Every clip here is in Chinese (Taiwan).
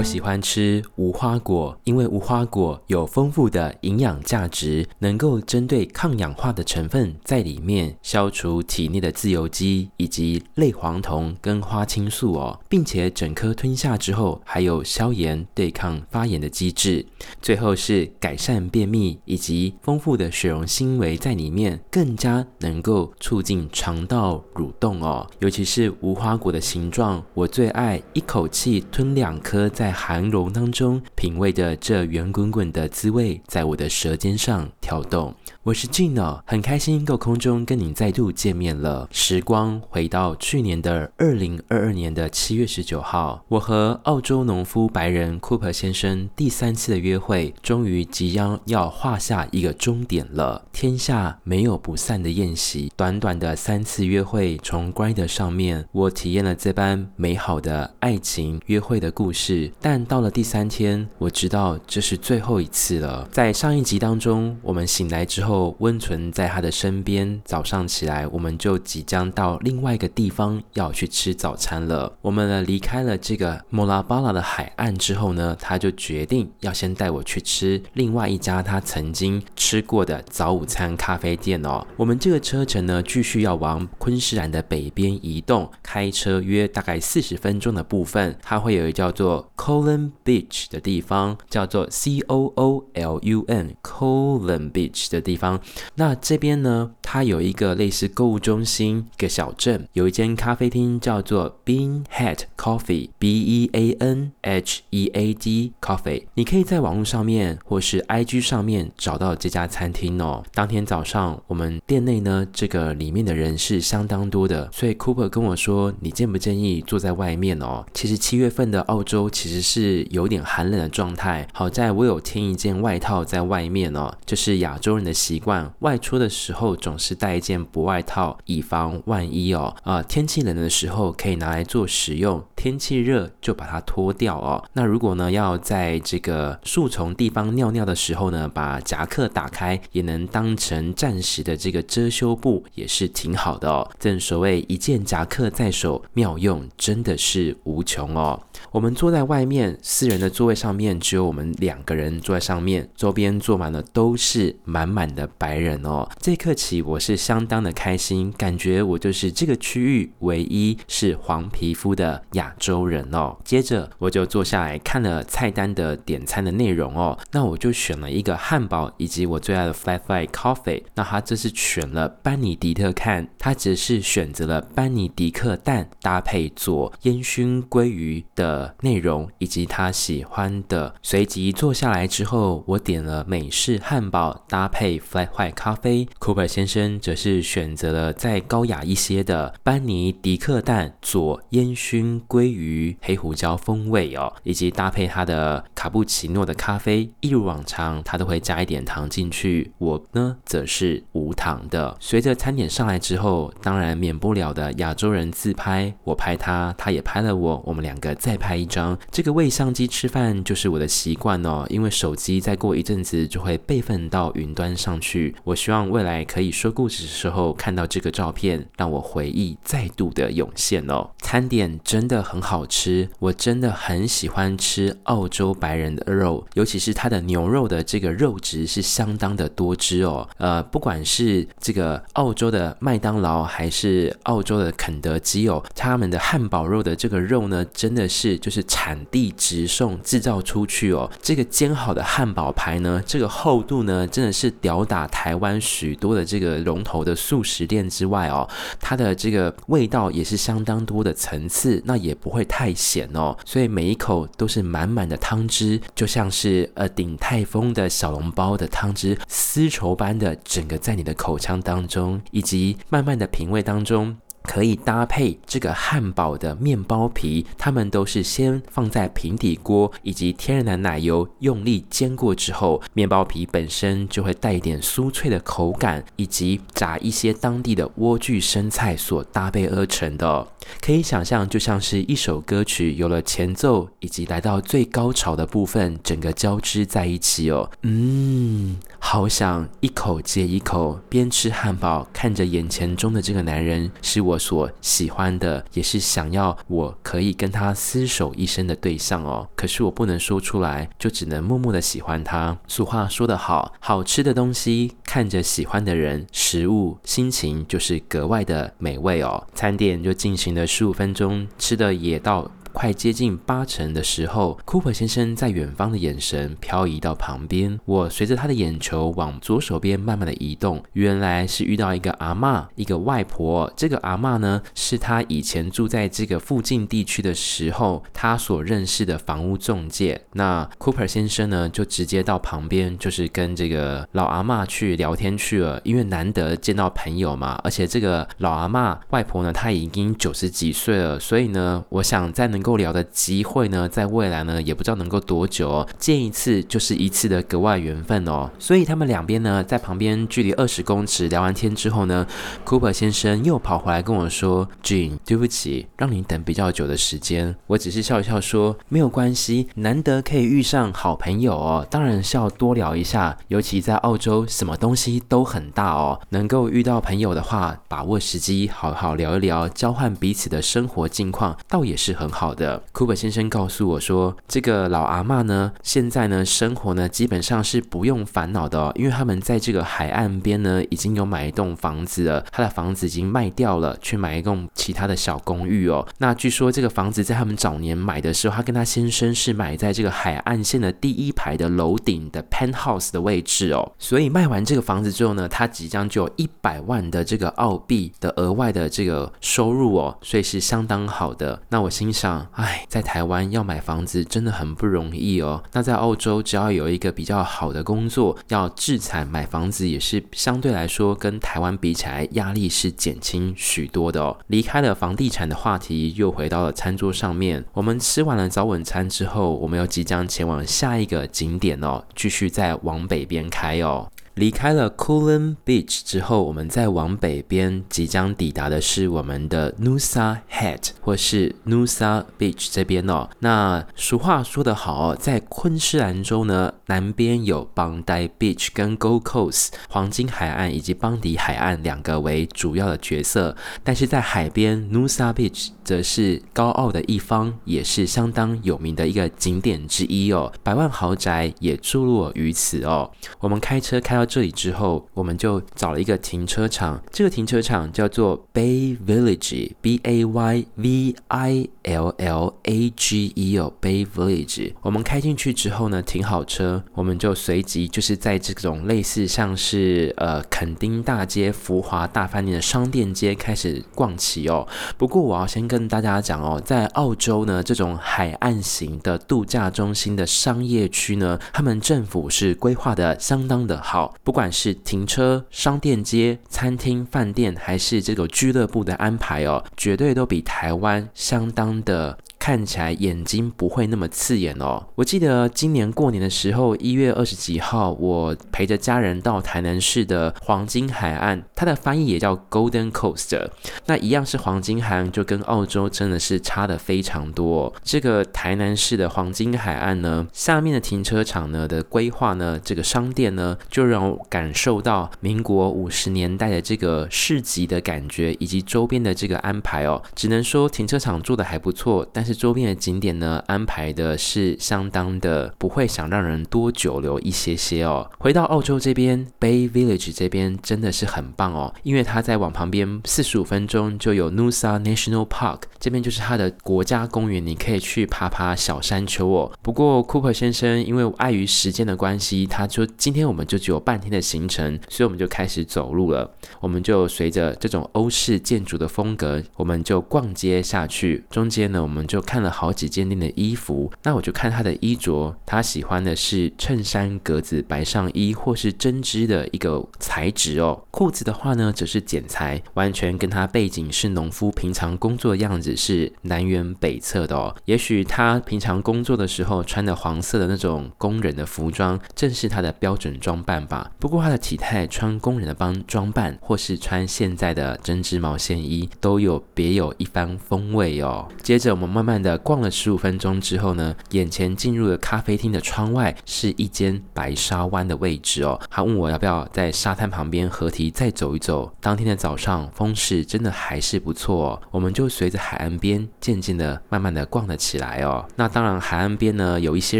我喜歡吃無花果，因為無花果有豐富的營養價值，能夠針對抗氧化的成分在裡面，消除體內的自由基，以及類黃酮跟花青素哦，並且整顆吞下之後還有消炎對抗發炎的機制，最後是改善便秘以及豐富的水溶纖維在裡面，更加能夠促進腸道蠕動哦，尤其是無花果的形狀，我最愛一口氣吞兩顆在。在寒冷當中，品味着這圓滾滾的滋味，在我的舌尖上跳動。我是 Gene，很開心在空中跟您再度見面了。時光回到去年的二零二二年的七月十九號，我和澳洲農夫白人 Cooper 先生第三次的約會，終於即將要畫下一個終點了。天下沒有不散的宴席，短短的三次約會，從 Grindr 上面，我體驗了這般美好的愛情約會的故事。但到了第三天，我知道這是最後一次了。在上一集當中，我們醒來之後。後溫存在他的身邊。早上起來，我們就即將到另外一個地方要去吃早餐了。我們呢離開了這個莫拉巴拉的海岸之後呢，他就決定要先帶我去吃另外一家他曾經吃過的早午餐咖啡店哦。我們這個車程呢，繼續要往昆士蘭的北邊移動，開車約大概四十分鐘的部分，它會有一個叫做 Coolum Beach 的地方，叫做 C O O L U N Coolum Beach 的地方。方那這邊呢，它有一個類似購物中心，一個小鎮，有一間咖啡廳叫做 Bean Head Coffee B E A N H E A D Coffee，你可以在網絡上面或是 IG 上面找到這家餐廳哦。當天早上我們店內呢，這個裡面的人是相當多的，所以 Cooper 跟我說，你介不介意坐在外面哦？其實七月份的澳洲其實是有點寒冷的狀態，好在我有添一件外套在外面哦，就是亞洲人的習慣外出的時候總是帶一件薄外套，以防萬一哦。啊、呃，天氣冷的時候可以拿來做使用，天氣熱就把它脫掉哦。那如果呢要在這個樹叢地方尿尿的時候呢，把夾克打開也能當成暫時的這個遮羞布，也是挺好的哦。正所謂一件夾克在手，妙用真的是無窮哦。我們坐在外面四人的座位上面，只有我們兩個人坐在上面，周邊坐滿了都是滿滿的白人哦。這一刻起，我是相當的開心，感覺我就是這個區域唯一是黃皮膚的亞洲人哦。接着我就坐下來看了菜單的點餐的內容哦，那我就選了一個漢堡以及我最愛的 Flat White Coffee。那他這是選了班尼迪特看，他只是選擇了班尼迪克蛋搭配做煙熏鮭魚的。的內容以及他喜歡的。隨即坐下來之後，我點了美式漢堡搭配 Flat White 咖啡，Cooper 先生則是選擇了再高雅一些的班尼迪克蛋佐煙燻鮭魚黑胡椒風味哦，以及搭配他的卡布奇諾的咖啡。一如往常，他都會加一點糖進去，我呢則是無糖的。隨着餐點上來之後，當然免不了的亞洲人自拍，我拍他，他也拍了我，我們兩個在。拍一張，這個餵相機吃飯就是我的習慣哦。因為手機再過一陣子就會備份到雲端上去。我希望未來可以說故事的時候，看到這個照片，讓我回憶再度的湧現哦。餐點真的很好吃，我真的很喜歡吃澳洲白人的肉，尤其是它的牛肉的這個肉質是相當的多汁哦。呃，不管是這個澳洲的麥當勞還是澳洲的肯德基哦，他們的漢堡肉的這個肉呢，真的是。就是產地直送製造出去哦，這個煎好的漢堡排呢，這個厚度呢真的是吊打台灣許多的這個龍頭的速食店之外哦，它的這個味道也是相當多的層次，那也不會太鹹哦，所以每一口都是滿滿的湯汁，就像是呃鼎泰豐的小籠包的湯汁，絲綢般的整個在你的口腔當中，以及慢慢的品味當中。可以搭配這個漢堡的麵包皮，它們都是先放在平底鍋以及天然的奶油用力煎過之後，麵包皮本身就會帶一點酥脆的口感，以及炸一些當地的萵苣生菜所搭配而成的哦。可以想象，就像是一首歌曲有了前奏，以及來到最高潮的部分，整個交織在一起哦。嗯。好想一口接一口邊吃漢堡，看着眼前中的這個男人是我所喜歡的，也是想要我可以跟他廝守一生的對象哦。可是我不能說出來，就只能默默的喜歡他。俗話說得好，好吃的東西，看着喜歡的人，食物心情就是格外的美味哦。餐點就進行了十五分鐘，吃的也到，快接近八成的時候，Cooper 先生在遠方的眼神漂移到旁邊，我隨着他的眼球往左手邊慢慢的移動，原來是遇到一個阿嬤，一個外婆。這個阿嬤呢，是他以前住在這個附近地區的時候，他所認識的房屋仲介。那 Cooper 先生呢，就直接到旁邊，就是跟這個老阿嬤去聊天去了，因為難得見到朋友嘛，而且這個老阿嬤外婆呢，她已經九十幾歲了，所以呢，我想再能。能夠聊的機會呢，在未來呢也不知道能夠多久哦，見一次就是一次的格外緣分哦，所以他們兩邊呢在旁邊距離二十公尺聊完天之後呢，Cooper 先生又跑回來跟我說：“Jane，對不起，讓你等比較久的時間。”我只是笑一笑說：“沒有關係，難得可以遇上好朋友哦，當然是要多聊一下，尤其在澳洲什麼東西都很大哦，能夠遇到朋友的話，把握時機好好聊一聊，交換彼此的生活近況，倒也是很好。”好的 Cooper 先生告訴我說，這個老阿媽呢，現在呢，生活呢基本上是不用煩惱的哦，因為他們在這個海岸邊呢，已經有買一棟房子了，他的房子已經賣掉了，去買一棟其他的小公寓哦。那據說這個房子在他們早年買的時候，他跟他先生是買在這個海岸線的第一排的樓頂的 penthouse 的位置哦，所以賣完這個房子之後呢，他即將就有一百萬的這個澳幣的額外的這個收入哦，所以是相當好的。那我心想。哎，在台灣要買房子真的很不容易哦。那在澳洲，只要有一個比較好的工作，要置產買房子也是相對來說跟台灣比起來壓力是減輕許多的哦。離開了房地產的話題，又回到了餐桌上面。我們吃完了早晚餐之後，我們又即將前往下一個景點哦，繼續再往北邊開哦。離開了 Coolangatta Beach 之後，我們再往北邊，即將抵達的是我們的 Nusa Head 或是 Nusa Beach 這邊哦。那俗話說得好哦，在昆士蘭州呢，南邊有邦戴 Beach 跟 Gold Coast 黃金海岸以及邦迪海岸兩個為主要的角色，但是在海邊 Nusa Beach 則是高傲的一方，也是相當有名的一個景點之一哦。百萬豪宅也坐落於此哦。我們開車開到。這裡之後，我們就找了一個停車場。這個停車場叫做 Bay Village，B A Y V I L L A G E o、哦、Bay Village。我們開進去之後呢，停好車，我們就隨即就是在這種類似像是呃墾丁大街、福華大飯店的商店街開始逛起哦。不過我要先跟大家講哦，在澳洲呢，這種海岸型的度假中心的商業區呢，他們政府是規劃得相當的好。不管是停車、商店街、餐廳、飯店，還是這個俱樂部的安排哦，絕對都比台灣相當的看起來眼睛不會那麼刺眼哦。我記得今年過年的時候，一月二十幾號，我陪着家人到台南市的黃金海岸，它的翻譯也叫 Golden Coast。那一樣是黃金海岸，就跟澳洲真的是差的非常多哦。這個台南市的黃金海岸呢，下面的停車場呢的規劃呢，這個商店呢，就讓。感受到民國五十年代的這個市集的感覺，以及周邊的這個安排哦，只能說停車場做的還不錯，但是周邊的景點呢，安排的是相當的，不會想讓人多久留一些些哦。回到澳洲這邊，Bay Village 這邊真的是很棒哦，因為它再往旁邊四十五分鐘就有 Nusa National Park，這邊就是它的國家公園，你可以去爬爬小山丘哦。不過，Cooper 先生因為礙於時間的關係，他說今天我們就只有半。半天的行程，所以我們就開始走路了。我們就隨着這種歐式建築的風格，我們就逛街下去。中間呢，我們就看了好幾間店的衣服。那我就看他的衣着，他喜歡的是襯衫、格子白上衣或是針織的一個材質哦。褲子的話呢，只是剪裁完全跟他背景是農夫平常工作的樣子是南轅北轍的哦。也許他平常工作的時候穿的黃色的那種工人的服裝，正是他的標準裝扮吧。不過他的體態，穿工人的幫裝扮，或是穿現在的針織毛線衣，都有別有一番風味哦。接着我們慢慢的逛了十五分鐘之後呢，眼前進入了咖啡廳的窗外，是一間白沙灣的位置哦。他問我要不要在沙灘旁邊河堤再走一走。當天的早上風勢真的還是不錯哦，我們就隨着海岸邊漸漸的慢慢的逛了起來哦。那當然海岸邊呢有一些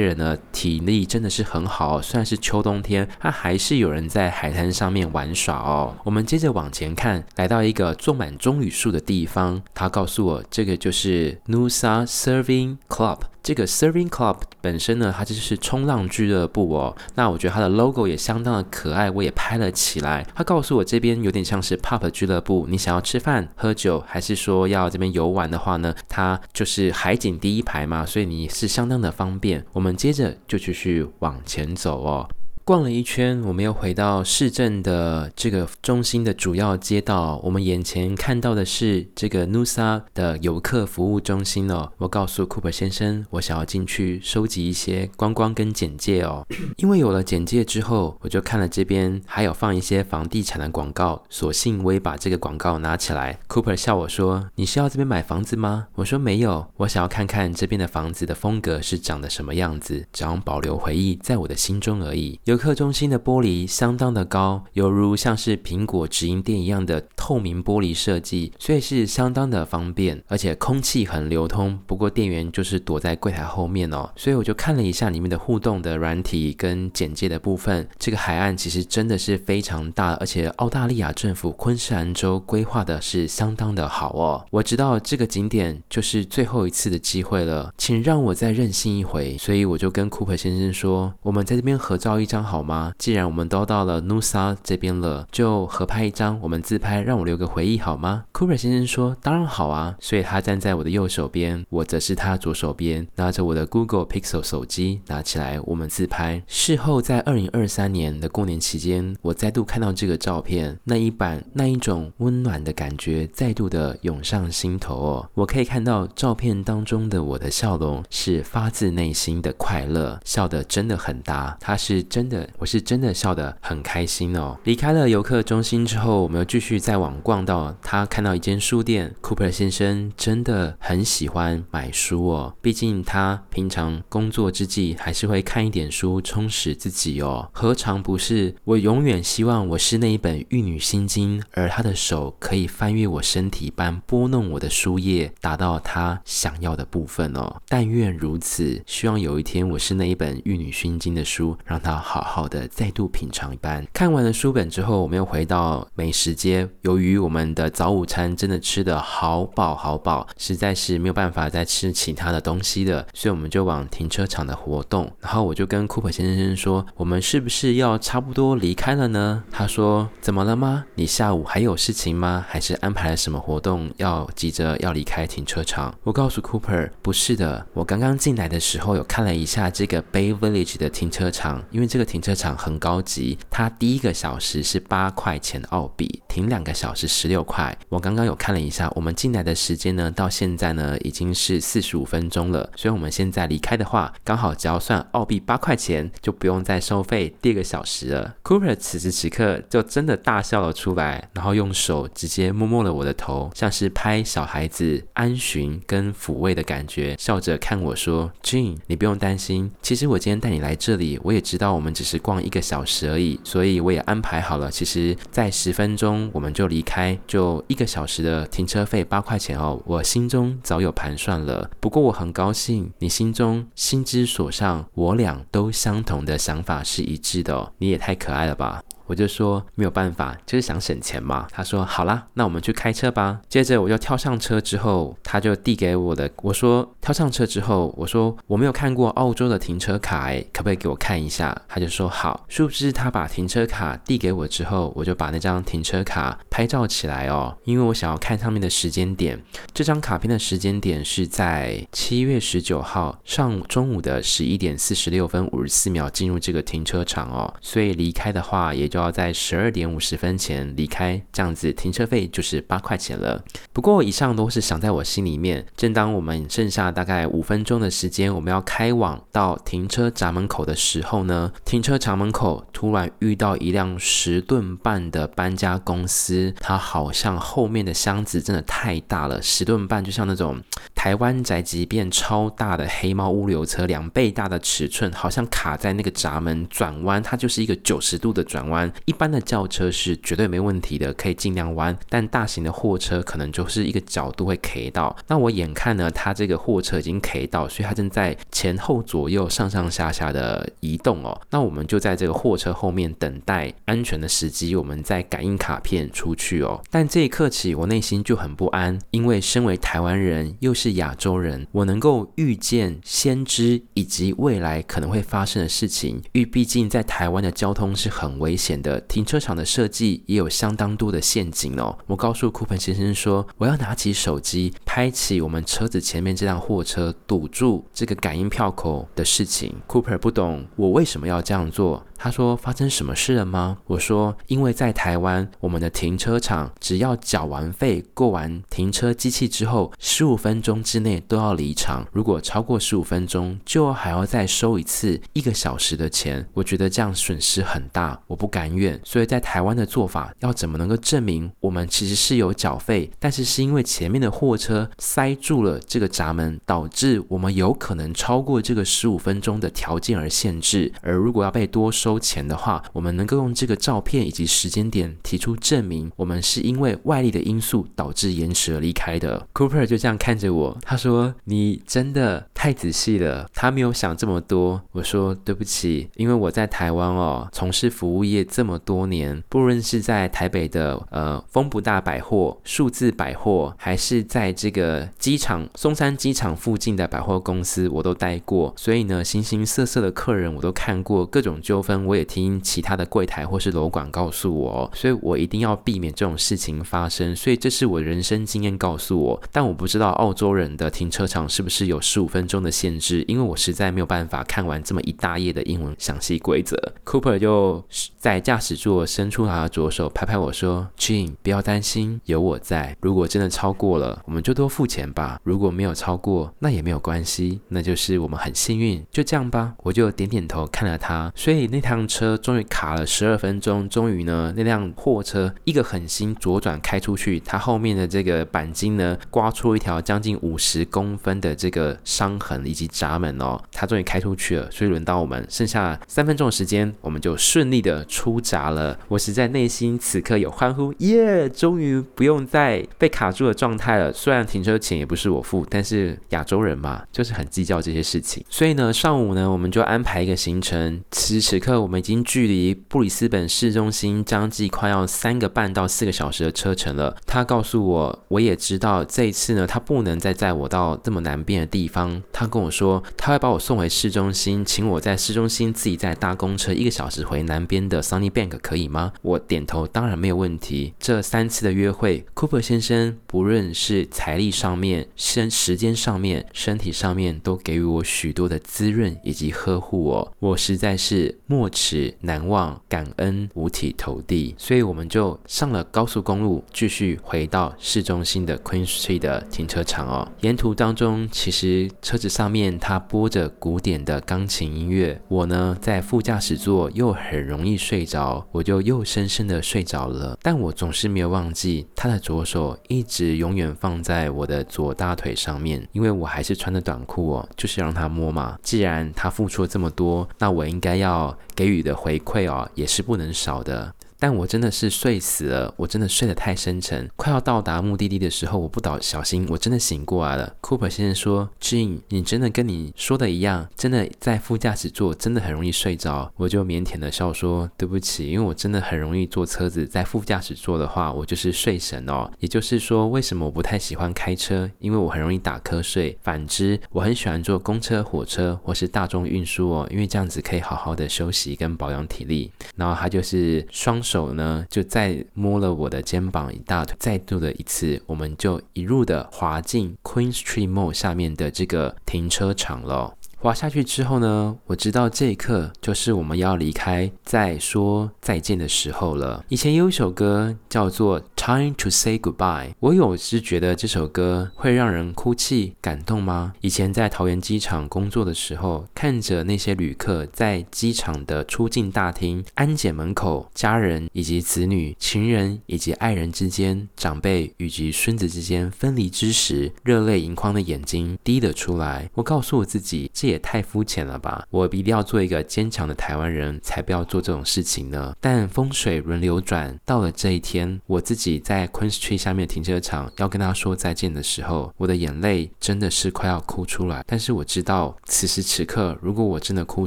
人呢體力真的是很好，雖然是秋冬天，他還是。是有人在海灘上面玩耍哦。我們接着往前看，來到一個種滿棕櫚樹的地方。他告訴我，這個就是 Nusa Serving Club。這個 Serving Club 本身呢，它就是衝浪俱樂部哦。那我覺得它的 logo 也相當的可愛，我也拍了起來。他告訴我，這邊有點像是 pub 俱樂部。你想要吃飯、喝酒，還是說要這邊遊玩的話呢？它就是海景第一排嘛，所以你是相當的方便。我們接着就繼續往前走哦。逛了一圈，我們又回到市鎮的這個中心的主要街道。我們眼前看到的是這個努薩的遊客服務中心哦，我告訴庫 r 先生，我想要進去收集一些觀光跟簡介哦。 因為有了簡介之後，我就看了這邊還有放一些房地產的廣告，索性我也把這個廣告拿起來。庫 r 笑我說：“你是要這邊買房子嗎？”我說：“沒有，我想要看看這邊的房子的風格是長的什麼樣子，只要保留回憶在我的心中而已。”客中心的玻璃相當的高，猶如像是蘋果直營店一樣的透明玻璃設計，所以是相當的方便，而且空氣很流通。不過店員就是躲在櫃檯後面哦，所以我就看了一下裡面的互動的軟體跟簡介的部分。這個海岸其實真的是非常大，而且澳大利亞政府昆士蘭州規劃的是相當的好哦。我知道這個景點就是最後一次的機會了，請讓我再任性一回。所以我就跟庫珀先生說，我們在這邊合照一張。好嗎？既然我們都到了努 a 這邊了，就合拍一張，我們自拍，讓我留個回憶好嗎？庫 r 先生說：“當然好啊。”所以他站在我的右手邊，我則是他左手邊，拿着我的 Google Pixel 手機，拿起來我們自拍。事後在2023年的過年期間，我再度看到這個照片，那一版那一種溫暖的感覺再度的湧上心頭哦。我可以看到照片當中的我的笑容是發自內心的快樂，笑得真的很大，他是真。的，我是真的笑得很開心哦。離開了遊客中心之後，我們又繼續再往逛到，他看到一間書店，Cooper 先生真的很喜歡買書哦。畢竟他平常工作之際，還是會看一點書充實自己哦。何嘗不是？我永遠希望我是那一本《玉女心經》，而他的手可以翻閱我身體般撥弄我的書頁，達到他想要的部分哦。但願如此，希望有一天我是那一本《玉女心經》的書，讓他好。好好的再度品嘗一般。看完了書本之後，我們又回到美食街。由於我們的早午餐真的吃得好飽好飽，實在是沒有辦法再吃其他的東西的，所以我們就往停車場的活動。然後我就跟 Cooper 先生說：“我們是不是要差不多離開了呢？”他說：“怎麼了嗎？你下午還有事情嗎？還是安排了什麼活動要急着要離開停車場？”我告訴 Cooper：“ 不是的，我剛剛進來的時候有看了一下這個 Bay Village 的停車場，因為這個。”停車場很高級，它第一個小時是八塊錢澳幣，停兩個小時十六塊。我剛剛有看了一下，我們進來的時間呢，到現在呢已經是四十五分鐘了，所以我們現在離開的話，剛好只要算澳幣八塊錢，就不用再收費第二個小時了。Cooper 此時此刻就真的大笑了出來，然後用手直接摸摸了我的頭，像是拍小孩子安尋跟撫慰的感覺，笑着看我說：“Jean，你不用擔心，其實我今天帶你來這裡，我也知道我們。”只是逛一個小時而已，所以我也安排好了。其實，在十分鐘我們就離開，就一個小時的停車費八塊錢哦。我心中早有盤算了。不過我很高興，你心中心之所上，我倆都相同的想法是一致的哦。你也太可愛了吧！我就說沒有辦法，就是想省錢嘛。他說好啦，那我們去開車吧。接着我就跳上車之後，他就遞給我的。我說跳上車之後，我說我沒有看過澳洲的停車卡，誒，可不可以給我看一下？他就說好。殊不知他把停車卡遞給我之後，我就把那張停車卡拍照起來哦，因為我想要看上面的時間點。這張卡片的時間點是在七月十九號上午中午的十一點四十六分五十四秒進入這個停車場哦，所以離開的話也就。要在十二點五十分前離開，這樣子停車費就是八塊錢了。不過以上都是想在我心裡面。正當我們剩下大概五分鐘的時間，我們要開往到停車閘門口的時候呢，停車場門口突然遇到一輛十噸半的搬家公司，它好像後面的箱子真的太大了，十噸半就像那種台灣宅急便超大的黑貓物流車兩倍大的尺寸，好像卡在那個閘門轉彎，它就是一個九十度的轉彎。一般的轎車是絕對沒問題的，可以盡量彎，但大型的貨車可能就是一個角度會 K 到。那我眼看呢，它這個貨車已經 K 到，所以它正在前後左右上上下下的移動哦。那我們就在這個貨車後面等待安全的時機，我們再感應卡片出去哦。但這一刻起，我內心就很不安，因為身為台灣人，又是亞洲人，我能夠預見先知以及未來可能會發生的事情，因為畢竟在台灣的交通是很危險的。的停車場的設計也有相當多的陷阱哦。我告訴 Cooper 先生說，我要拿起手機拍起我們車子前面這輛貨車堵住這個感應票口的事情。Cooper 不懂我為什麼要這樣做。他說：“發生什麼事了嗎？”我說：“因為在台灣，我們的停車場只要繳完費、過完停車機器之後，十五分鐘之內都要離場。如果超過十五分鐘，就還要再收一次一個小時的錢。我覺得這樣損失很大，我不甘願。所以在台灣的做法，要怎麼能夠證明我們其實是有繳費，但是是因為前面的貨車塞住了這個閘門，導致我們有可能超過這個十五分鐘的條件而限制。而如果要被多收，收錢的話，我們能夠用這個照片以及時間點提出證明，我們是因為外力的因素導致延遲而離，離開的。Cooper 就這樣看着我，他說：“你真的太仔細了。”他沒有想這麼多。我說：“對不起，因為我在台灣哦，從事服務業這麼多年，不論是在台北的呃豐不大百貨、數字百貨，還是在這個機場松山機場附近的百貨公司，我都待過，所以呢，形形色色的客人我都看過，各種糾紛。”我也聽其他的櫃台或是樓管告訴我哦，所以我一定要避免這種事情發生。所以這是我人生經驗告訴我，但我不知道澳洲人的停車場是不是有十五分鐘的限制，因為我實在沒有辦法看完這麼一大頁的英文詳細規則。Cooper 就在駕駛座伸出他的左手拍拍我說：“Gene，不要擔心，有我在。如果真的超過了，我們就多付錢吧；如果沒有超過，那也沒有關係，那就是我們很幸運。就這樣吧。”我就點點頭看了他，所以那台輛車終於卡了十二分鐘，終於呢，那輛貨車一個狠心左轉開出去，它後面的這個鈑金呢，刮出一條將近五十公分的這個傷痕以及閘門哦，它終於開出去了。所以輪到我們，剩下三分鐘的時間，我們就順利的出閘了。我實在內心此刻有歡呼，耶、yeah！終於不用再被卡住的狀態了。雖然停車錢也不是我付，但是亞洲人嘛，就是很計較這些事情。所以呢，上午呢，我們就安排一個行程。此時此刻。我們已經距離布里斯本市中心將近快要三個半到四個小時的車程了。他告訴我，我也知道這一次呢，他不能再載我到這麼南邊的地方。他跟我說，他會把我送回市中心，請我在市中心自己再搭公車一個小時回南邊的 Sunnybank，可以嗎？我點頭，當然沒有問題。這三次的約會，Cooper 先生不論是財力上面、身時間上面、身體上面，都給予我許多的滋潤以及呵護我。我我實在是目。沒齒難忘，感恩五體投地，所以我們就上了高速公路，繼續回到市中心的 Queen Street 的停車場哦。沿途當中，其實車子上面它播着古典的鋼琴音樂，我呢在副駕駛座又很容易睡着，我就又深深的睡着了。但我總是沒有忘記，他的左手一直永遠放在我的左大腿上面，因為我還是穿的短褲哦，就是讓他摸嘛。既然他付出了這麼多，那我應該要。給予的回饋啊、哦，也是不能少的。但我真的是睡死了，我真的睡得太深沉。快要到達目的地的時候，我不倒小心，我真的醒過來了。Cooper 先生說：“Gene，你真的跟你說的一樣，真的在副駕駛座真的很容易睡着。”我就靦腆的笑說：“對不起，因為我真的很容易坐車子，在副駕駛座的話，我就是睡神哦。”也就是說，為什麼我不太喜歡開車？因為我很容易打瞌睡。反之，我很喜歡坐公車、火車或是大眾運輸哦，因為這樣子可以好好的休息跟保養體力。然後他就是雙手。手呢，就再摸了我的肩膀一大腿，再度的一次，我們就一路的滑進 Queen Street Mall 下面的這個停車場了。滑下去之後呢，我知道這一刻就是我們要離開、再說再見的時候了。以前有一首歌叫做《Time to Say Goodbye》，我有時覺得這首歌會讓人哭泣、感動嗎？以前在桃園機場工作的時候，看着那些旅客在機場的出境大廳、安檢門口、家人以及子女、情人以及愛人之間、長輩以及孫子之間分離之時，熱淚盈眶的眼睛滴了出來。我告訴我自己，這。也太膚淺了吧！我一定要做一個堅強的台灣人，才不要做這種事情呢。但風水輪流轉，到了這一天，我自己在 Queen Street 下面停車場要跟他說再見的時候，我的眼淚真的是快要哭出來。但是我知道此時此刻，如果我真的哭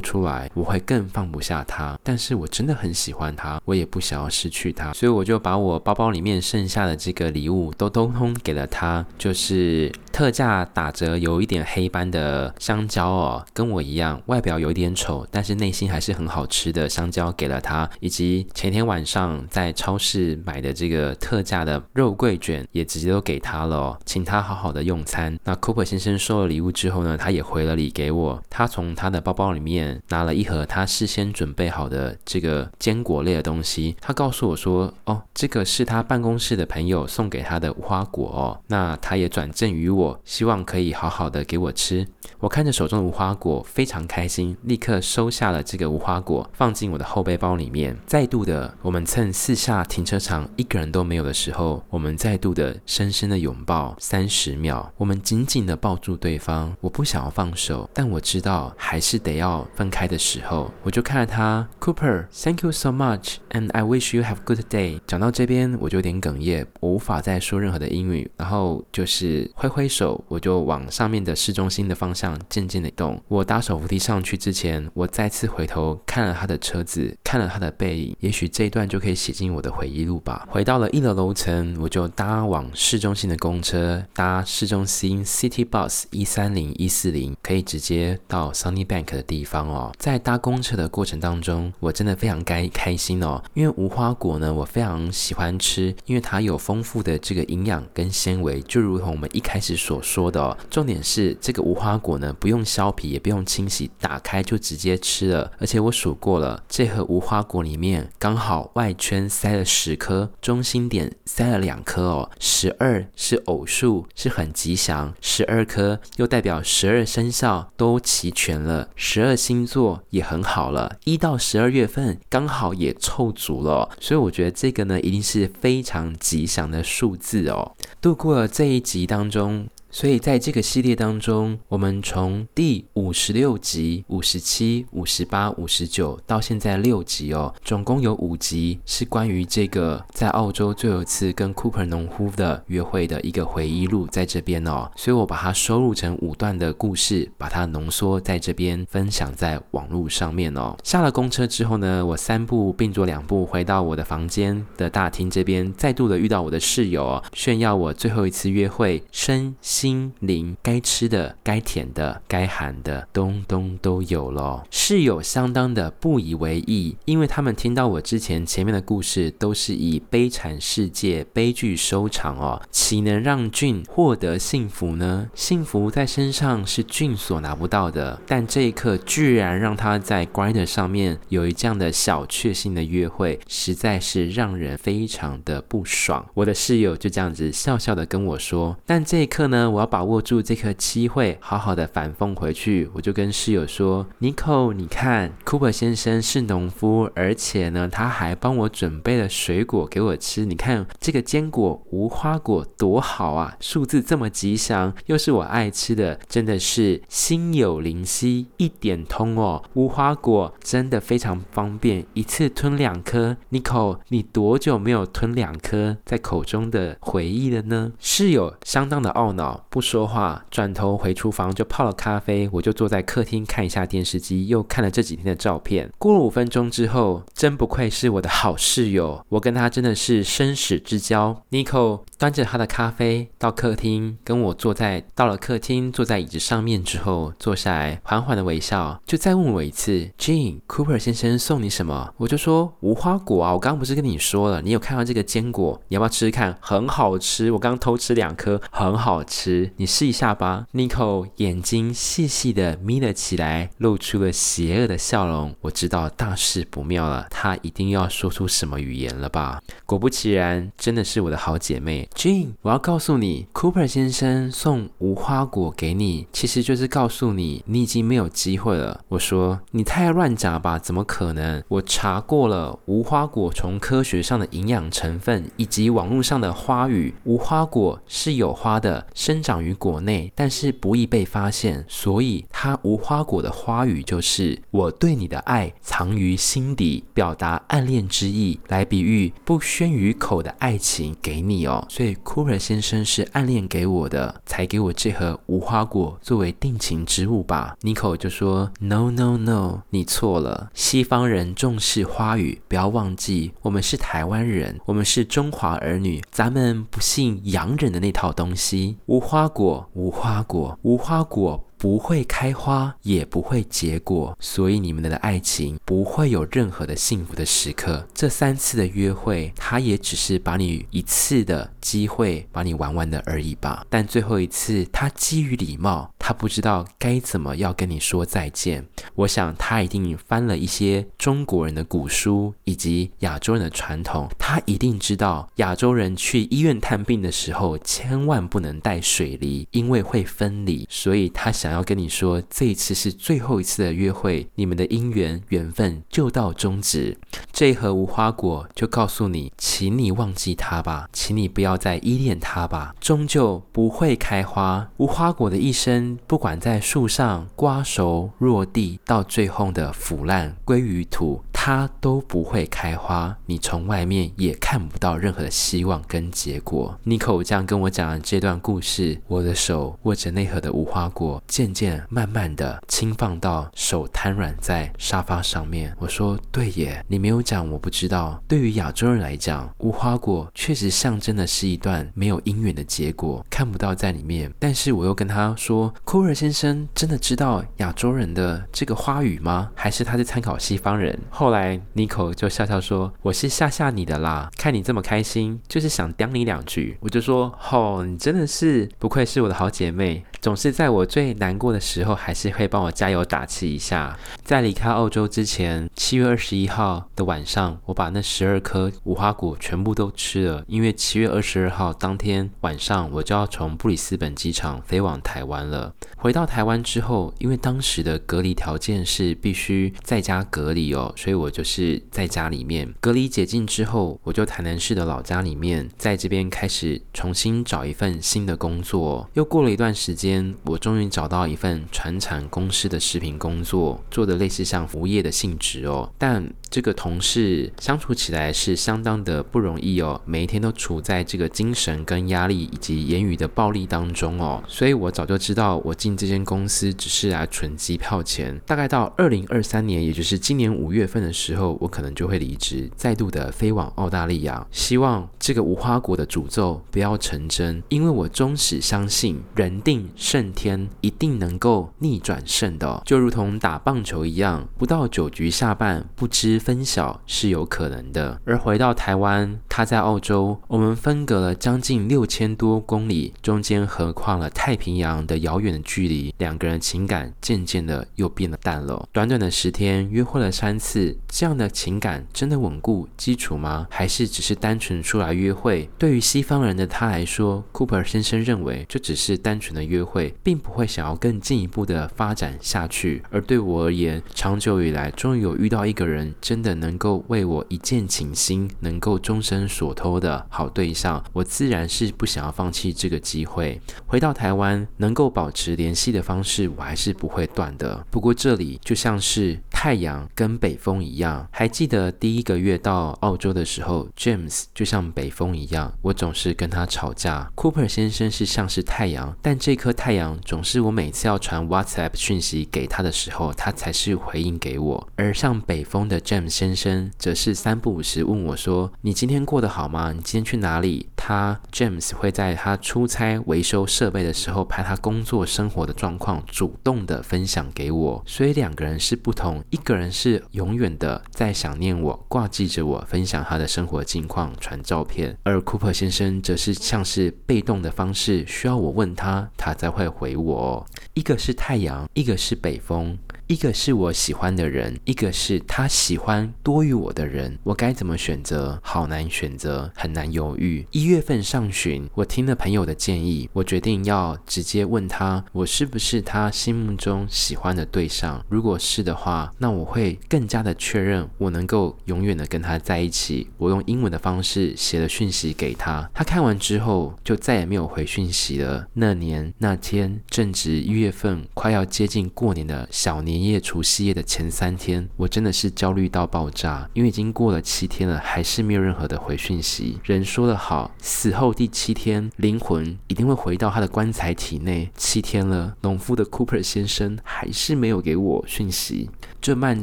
出來，我會更放不下他。但是我真的很喜歡他，我也不想要失去他，所以我就把我包包裡面剩下的這個禮物都通通給了他，就是特價打折有一點黑斑的香蕉哦。跟我一樣，外表有點醜，但是內心還是很好吃的香蕉給了他，以及前天晚上在超市買的這個特價的肉桂卷也直接都給他了，哦，請他好好的用餐。那 Cooper 先生收了禮物之後呢，他也回了禮給我，他從他的包包裡面拿了一盒他事先準備好的這個堅果類的東西，他告訴我說，哦，這個是他辦公室的朋友送給他的無花果，哦，那他也轉贈於我，希望可以好好的給我吃。我看着手中的無花。花果非常開心，立刻收下了這個無花果，放進我的後背包裡面。再度的，我們趁四下停車場一個人都沒有的時候，我們再度的深深的擁抱三十秒。我們緊緊的抱住對方，我不想要放手，但我知道還是得要分開的時候，我就看着他，Cooper，Thank you so much，and I wish you have good day。講到這邊我就有點哽咽，我無法再說任何的英語，然後就是揮揮手，我就往上面的市中心的方向漸漸的移動。我搭手扶梯上去之前，我再次回頭看了他的車子，看了他的背影。也許這一段就可以寫進我的回憶錄吧。回到了一樓樓層，我就搭往市中心的公車，搭市中心 City Bus 一三零一四零，可以直接到 Sunny Bank 的地方哦。在搭公車的過程當中，我真的非常開開心哦，因為無花果呢，我非常喜歡吃，因為它有豐富的這個營養跟纖維，就如同我們一開始所說的哦，重點是這個無花果呢，不用削皮。也不用清洗，打開就直接吃了。而且我數過了，這盒無花果裡面剛好外圈塞了十顆，中心點塞了兩顆哦，十二是偶數，是很吉祥。十二顆又代表十二生肖都齊全了，十二星座也很好了，一到十二月份剛好也湊足了哦，所以我覺得這個呢一定是非常吉祥的數字哦。度過了這一集當中。所以在這個系列當中，我們從第五十六集、五十七、五十八、五十九到現在六十集哦，總共有五集是關於這個在澳洲最後一次跟 Cooper 農夫的約會的一個回憶錄，在這邊哦。所以我把它收錄成五段的故事，把它濃縮在這邊分享在網絡上面哦。下了公車之後呢，我三步並作兩步回到我的房間的大廳這邊，再度的遇到我的室友、哦，炫耀我最後一次約會生。深心靈該吃的、該甜的、該喊的，東東都有了。室友相當的不以為意，因為他們聽到我之前前面的故事都是以悲慘世界、悲劇收場哦，豈能讓俊獲得幸福呢？幸福在身上是俊所拿不到的，但這一刻居然讓他在 Grindr 上面有一這樣的小確幸的約會，實在是讓人非常的不爽。我的室友就這樣子笑笑的跟我說，但這一刻呢？我要把握住這顆機會，好好的反奉回去。我就跟室友說 Nico，你看，Cooper 先生是農夫，而且呢，他還幫我準備了水果給我吃。你看這個堅果無花果多好啊，數字這麼吉祥，又是我愛吃的，真的是心有靈犀一點通哦。無花果真的非常方便，一次吞兩顆。Nico，你多久沒有吞兩顆在口中的回憶了呢？”室友相當的懊惱。不說話，轉頭回廚房就泡了咖啡，我就坐在客廳看一下電視機，又看了這幾天的照片。過了五分鐘之後，真不愧是我的好室友，我跟他真的是生死之交。Niko 端着他的咖啡到客廳，跟我坐在到了客廳坐在椅子上面之後，坐下來緩緩的微笑，就再問我一次，Gene Cooper 先生送你什麼？我就說無花果啊，我剛剛不是跟你說了，你有看到這個堅果，你要不要吃吃看？很好吃，我剛偷吃兩顆，很好吃。你試一下吧。Nico 眼睛細細的眯了起來，露出了邪惡的笑容。我知道大事不妙了，他一定要說出什麼語言了吧？果不其然，真的是我的好姐妹 Gene。Gene, 我要告訴你，Cooper 先生送無花果給你，其實就是告訴你，你已經沒有機會了。我說你太亂講吧？怎麼可能？我查過了，無花果從科學上的營養成分，以及網絡上的花語，無花果是有花的。生長於果內，但是不易被發現，所以它無花果的花語就是我對你的愛藏於心底，表達暗戀之意，來比喻不宣於口的愛情給你哦。所以 Cooper 先生是暗戀給我的，才給我這盒無花果作為定情之物吧。妮可就說：No No No，你錯了。西方人重視花語，不要忘記我們是台灣人，我們是中華兒女，咱們不信洋人的那套東西。無無花果，無花果，無花果。不會開花，也不會結果，所以你們的愛情不會有任何的幸福的時刻。這三次的約會，他也只是把你一次的機會把你玩玩的而已吧。但最後一次，他基於禮貌，他不知道該怎麼要跟你說再見。我想他一定翻了一些中國人的古書，以及亞洲人的傳統，他一定知道亞洲人去醫院探病的時候，千萬不能帶水梨，因為會分離，所以他想要跟你說，這一次是最後一次的約會，你們的姻緣緣分就到終止。這一盒無花果就告訴你，請你忘記它吧，請你不要再依戀它吧，終究不會開花。無花果的一生，不管在樹上瓜熟落地，到最後的腐爛歸於土。它都不會開花，你從外面也看不到任何的希望跟結果。尼可這樣跟我講的這段故事，我的手握着那盒的無花果，漸漸慢慢的輕放到手癱軟在沙發上面。我說：“對耶，你沒有講，我不知道。對於亞洲人來講，無花果確實象徵的是一段沒有姻緣的結果，看不到在裡面。但是我又跟他說，Cooper 先生真的知道亞洲人的這個花語嗎？還是他在參考西方人？後後來，妮可就笑笑說：“我是嚇嚇你的啦，看你這麼開心，就是想叼你兩句。”我就說：“吼、哦，你真的是不愧是我的好姐妹，總是在我最難過的時候，還是會幫我加油打氣一下。”在離開澳洲之前，七月二十一號的晚上，我把那十二顆無花果全部都吃了，因為七月二十二號當天晚上我就要從布里斯本機場飛往台灣了。回到台灣之後，因為當時的隔離條件是必須在家隔離哦，所以我。我就是在家裡面隔離解禁之後，我就台南市的老家裡面，在這邊開始重新找一份新的工作。又過了一段時間，我終於找到一份傳產公司的食品工作，做的類似像服務業的性質哦，但。這個同事相處起來是相當的不容易哦，每一天都處在這個精神跟壓力以及言語的暴力當中哦，所以我早就知道，我進這間公司只是來存機票錢。大概到二零二三年，也就是今年五月份的時候，我可能就會離職，再度的飛往澳大利亞，希望這個無花果的詛咒不要成真，因為我終始相信人定勝天，一定能夠逆轉勝的哦，就如同打棒球一樣，不到九局下半，不知。分曉是有可能的，而回到台灣，他在澳洲，我們分隔了將近六千多公里，中間橫跨了太平洋的遙遠的距離，兩個人情感漸漸的又變得淡了。短短的十天，約會了三次，這樣的情感真的穩固基礎嗎？還是只是單純出來約會？對於西方人的他來說，Cooper 先生認為這只是單純的約會，並不會想要更進一步的發展下去。而對我而言，長久以來終於有遇到一個人。真的能夠為我一見傾心，能夠終身所托的好對象，我自然是不想要放棄這個機會。回到台灣能夠保持聯繫的方式，我還是不會斷的。不過這裡就像是太陽跟北風一樣，還記得第一個月到澳洲的時候，James 就像北風一樣，我總是跟他吵架。Cooper 先生是像是太陽，但這顆太陽總是我每次要傳 WhatsApp 訊息給他的時候，他才是回應給我，而像北風的 James。先生則是三不五時問我說：“你今天過得好嗎？你今天去哪裡？”他 James 會在他出差維修設備的時候拍他工作生活的狀況，主動的分享給我。所以兩個人是不同，一個人是永遠的在想念我、掛記着我、分享他的生活近況、傳照片；而 Cooper 先生則是像是被動的方式，需要我問他，他才會回我。一個是太陽，一個是北風。一個是我喜歡的人，一個是他喜歡多於我的人，我該怎麼選擇？好難選擇，很難猶豫。一月份上旬，我聽了朋友的建議，我決定要直接問他，我是不是他心目中喜歡的對象？如果是的話，那我會更加的確認我能夠永遠的跟他在一起。我用英文的方式寫了訊息給他，他看完之後就再也沒有回訊息了。那年那天正值一月份，快要接近過年的小年。年夜除夕夜的前三天，我真的是焦慮到爆炸，因為已經過了七天了，還是沒有任何的回訊息。人說得好，死後第七天，靈魂一定會回到他的棺材體內。七天了，農夫的 Cooper 先生還是沒有給我訊息。這漫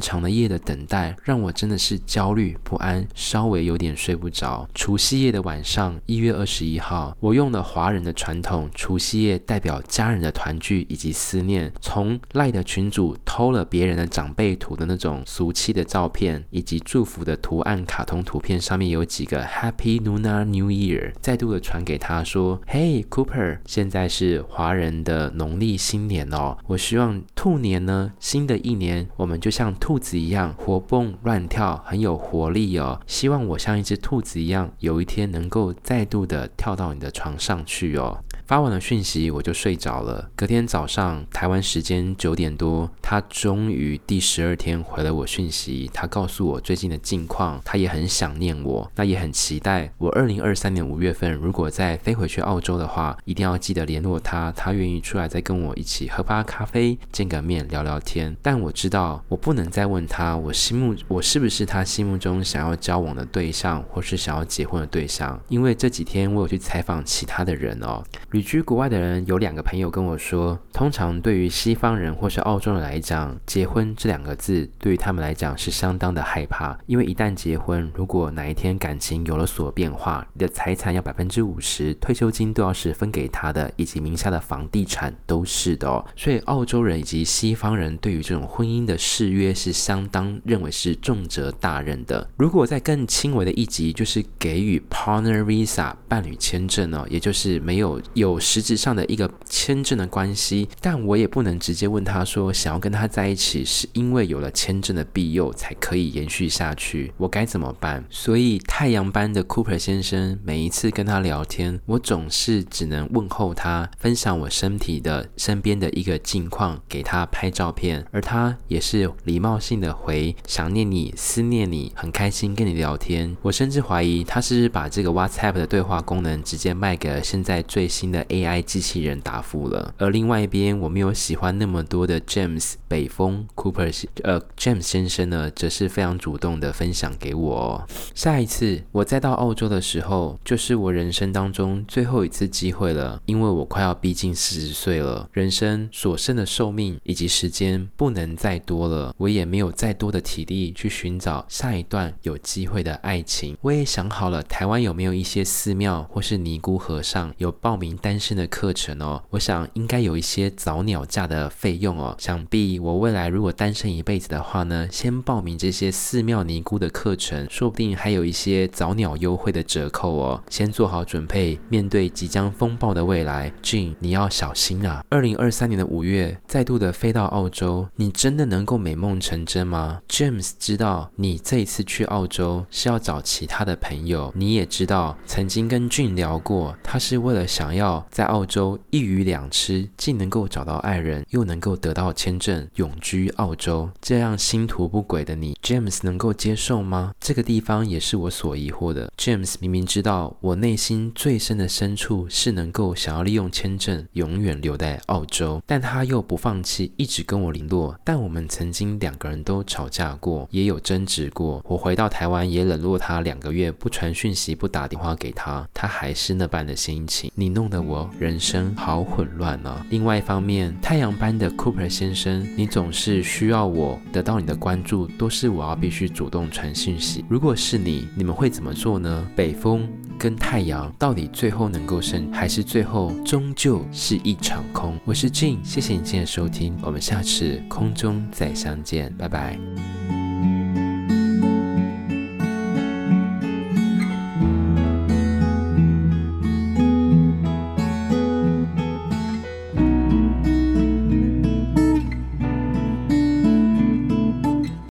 長的夜的等待讓我真的是焦慮不安，稍微有點睡不着。除夕夜的晚上，一月二十一號，我用了華人的傳統，除夕夜代表家人的團聚以及思念。從賴的群主偷了別人的長輩圖的那種俗氣的照片，以及祝福的圖案、卡通圖片，上面有幾個 Happy Lunar New Year，再度的傳給他說：“Hey Cooper，現在是華人的農曆新年哦，我希望兔年呢，新的一年我們就。”像兔子一樣活蹦亂跳，很有活力哦。希望我像一隻兔子一樣，有一天能夠再度的跳到你的床上去哦。發完了訊息，我就睡着了。隔天早上，台灣時間九點多，他終於第十二天回了我訊息。他告訴我最近的近況，他也很想念我，那也很期待我二零二三年五月份如果再飛回去澳洲的話，一定要記得聯絡他。他願意出來再跟我一起喝杯咖啡，見個面，聊聊天。但我知道，我不能再問他，我心目我是不是他心目中想要交往的對象，或是想要結婚的對象？因為這幾天我有去採訪其他的人哦。旅居國外的人，有兩個朋友跟我說，通常對於西方人或是澳洲人來講，結婚這兩個字對於他們來講是相當的害怕，因為一旦結婚，如果哪一天感情有了所變化，你的財產要百分之五十，退休金都要是分給他的，以及名下的房地產都是的哦。所以澳洲人以及西方人對於這種婚姻的誓約是相當認為是重責大任的。如果再更輕微的一級，就是給予 Partner Visa 伴侶簽證哦，也就是沒有。有實質上的一個簽證的關係，但我也不能直接問他說，想要跟他在一起是因為有了簽證的庇佑才可以延續下去，我該怎麼辦？所以太陽般的 Cooper 先生，每一次跟他聊天，我總是只能問候他，分享我身體的身邊的一個近況，給他拍照片，而他也是禮貌性的回想念你、思念你、很開心跟你聊天。我甚至懷疑他是把這個 WhatsApp 的對話功能直接賣給了現在最新的。的 AI 機器人答覆了，而另外一邊，我沒有喜歡那麼多的 James 北風 Cooper，呃，James 先生呢，則是非常主動的分享給我哦。下一次我再到澳洲的時候，就是我人生當中最後一次機會了，因為我快要逼近四十歲了，人生所剩的壽命以及時間不能再多了，我也沒有再多的體力去尋找下一段有機會的愛情。我也想好了，台灣有沒有一些寺廟或是尼姑和尚有報名，單身的課程哦，我想應該有一些早鳥價的費用哦。想必我未來如果單身一輩子的話呢，先報名這些寺廟尼姑的課程，說不定還有一些早鳥優惠的折扣哦。先做好準備，面對即將風暴的未來，俊，你要小心啊！二零二三年的五月，再度的飛到澳洲，你真的能夠美夢成真嗎？James 知道你這一次去澳洲是要找其他的朋友，你也知道曾經跟俊聊過，他是為了想要。在澳洲一魚兩吃，既能夠找到愛人，又能夠得到簽證，永居澳洲。這樣心圖不軌的你，James 能夠接受嗎？這個地方也是我所疑惑的。James 明明知道我內心最深的深處是能夠想要利用簽證永遠留在澳洲，但他又不放棄，一直跟我聯絡。但我們曾經兩個人都吵架過，也有爭執過。我回到台灣也冷落他兩個月，不傳訊息，不打電話給他，他還是那般的心情。你弄得。我人生好混亂啊！另外一方面，太陽般的 Cooper 先生，你總是需要我得到你的關注，都是我要必須主動傳訊息。如果是你，你們會怎麼做呢？北風跟太陽到底最後能夠勝，還是最後終究是一場空？我是 J，謝謝你今天的收聽，我們下次空中再相見，拜拜。